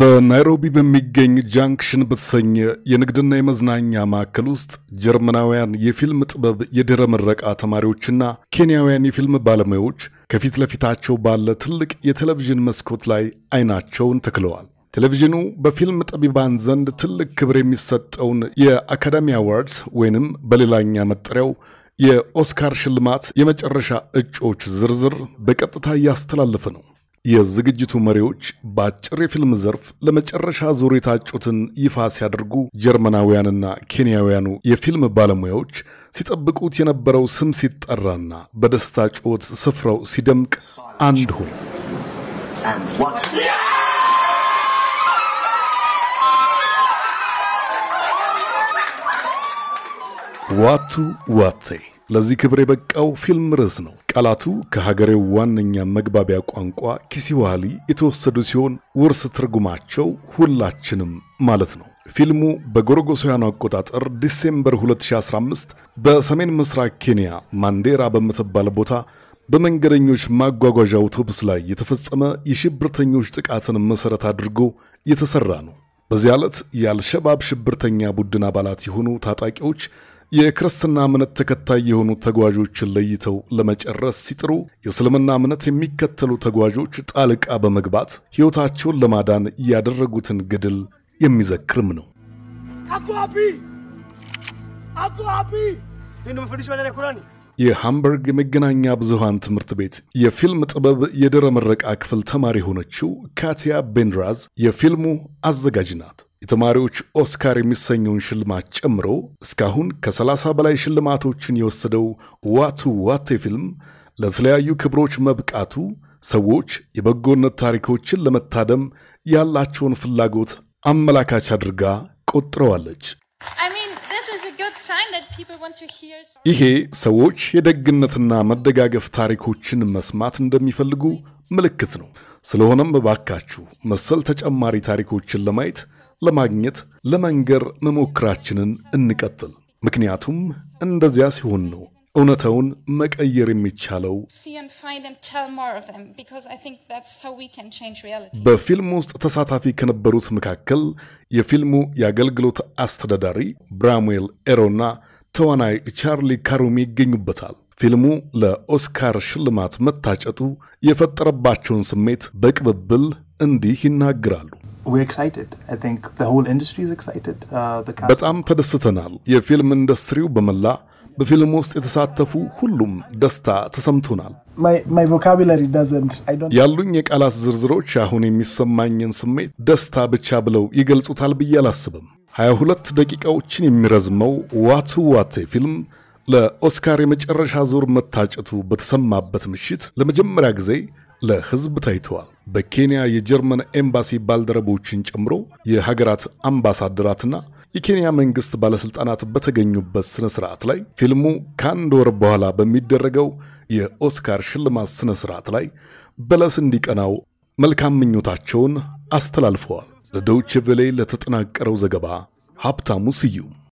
በናይሮቢ በሚገኝ ጃንክሽን በተሰኘ የንግድና የመዝናኛ ማዕከል ውስጥ ጀርመናውያን የፊልም ጥበብ የድረ ምረቃ ተማሪዎችና ኬንያውያን የፊልም ባለሙያዎች ከፊት ለፊታቸው ባለ ትልቅ የቴሌቪዥን መስኮት ላይ አይናቸውን ተክለዋል። ቴሌቪዥኑ በፊልም ጠቢባን ዘንድ ትልቅ ክብር የሚሰጠውን የአካዳሚ አዋርድስ ወይንም በሌላኛ መጠሪያው የኦስካር ሽልማት የመጨረሻ እጩዎች ዝርዝር በቀጥታ እያስተላለፈ ነው። የዝግጅቱ መሪዎች በአጭር የፊልም ዘርፍ ለመጨረሻ ዙር የታጩትን ይፋ ሲያደርጉ ጀርመናውያንና ኬንያውያኑ የፊልም ባለሙያዎች ሲጠብቁት የነበረው ስም ሲጠራና በደስታ ጩኸት ስፍራው ሲደምቅ አንድ ሆነ። ዋቱ ዋቴ ለዚህ ክብር የበቃው ፊልም ርዕስ ነው። ቃላቱ ከሀገሬው ዋነኛ መግባቢያ ቋንቋ ኪሲዋሊ የተወሰዱ ሲሆን ውርስ ትርጉማቸው ሁላችንም ማለት ነው። ፊልሙ በጎረጎሳውያኑ አቆጣጠር ዲሴምበር 2015 በሰሜን ምስራቅ ኬንያ ማንዴራ በምትባል ቦታ በመንገደኞች ማጓጓዣ አውቶቡስ ላይ የተፈጸመ የሽብርተኞች ጥቃትን መሠረት አድርጎ የተሠራ ነው። በዚህ ዕለት የአልሸባብ ሽብርተኛ ቡድን አባላት የሆኑ ታጣቂዎች የክርስትና እምነት ተከታይ የሆኑ ተጓዦችን ለይተው ለመጨረስ ሲጥሩ የእስልምና እምነት የሚከተሉ ተጓዦች ጣልቃ በመግባት ሕይወታቸውን ለማዳን ያደረጉትን ግድል የሚዘክርም ነው። የሃምበርግ የመገናኛ ብዙሃን ትምህርት ቤት የፊልም ጥበብ የድረ ምረቃ ክፍል ተማሪ የሆነችው ካቲያ ቤንድራዝ የፊልሙ አዘጋጅ ናት። የተማሪዎች ኦስካር የሚሰኘውን ሽልማት ጨምሮ እስካሁን ከ30 በላይ ሽልማቶችን የወሰደው ዋቱ ዋቴ ፊልም ለተለያዩ ክብሮች መብቃቱ ሰዎች የበጎነት ታሪኮችን ለመታደም ያላቸውን ፍላጎት አመላካች አድርጋ ቆጥረዋለች። ይሄ ሰዎች የደግነትና መደጋገፍ ታሪኮችን መስማት እንደሚፈልጉ ምልክት ነው። ስለሆነም እባካችሁ መሰል ተጨማሪ ታሪኮችን ለማየት ለማግኘት ለመንገር መሞክራችንን እንቀጥል። ምክንያቱም እንደዚያ ሲሆን ነው እውነታውን መቀየር የሚቻለው። በፊልም ውስጥ ተሳታፊ ከነበሩት መካከል የፊልሙ የአገልግሎት አስተዳዳሪ ብራሙኤል ኤሮና ተዋናይ ቻርሊ ካሩሚ ይገኙበታል። ፊልሙ ለኦስካር ሽልማት መታጨቱ የፈጠረባቸውን ስሜት በቅብብል እንዲህ ይናገራሉ። Uh, በጣም ተደስተናል። የፊልም ኢንዱስትሪው በመላ በፊልም ውስጥ የተሳተፉ ሁሉም ደስታ ተሰምቶናል። ያሉኝ የቃላት ዝርዝሮች አሁን የሚሰማኝን ስሜት ደስታ ብቻ ብለው ይገልጹታል ብዬ አላስብም። 22 ደቂቃዎችን የሚረዝመው ዋቱ ዋቴ ፊልም ለኦስካር የመጨረሻ ዙር መታጨቱ በተሰማበት ምሽት ለመጀመሪያ ጊዜ ለህዝብ ታይተዋል። በኬንያ የጀርመን ኤምባሲ ባልደረቦችን ጨምሮ የሀገራት አምባሳደራትና የኬንያ መንግስት ባለሥልጣናት በተገኙበት ሥነ ሥርዓት ላይ ፊልሙ ከአንድ ወር በኋላ በሚደረገው የኦስካር ሽልማት ሥነ ሥርዓት ላይ በለስ እንዲቀናው መልካም ምኞታቸውን አስተላልፈዋል። ለዶይቼ ቬለ ለተጠናቀረው ዘገባ ሀብታሙ ስዩም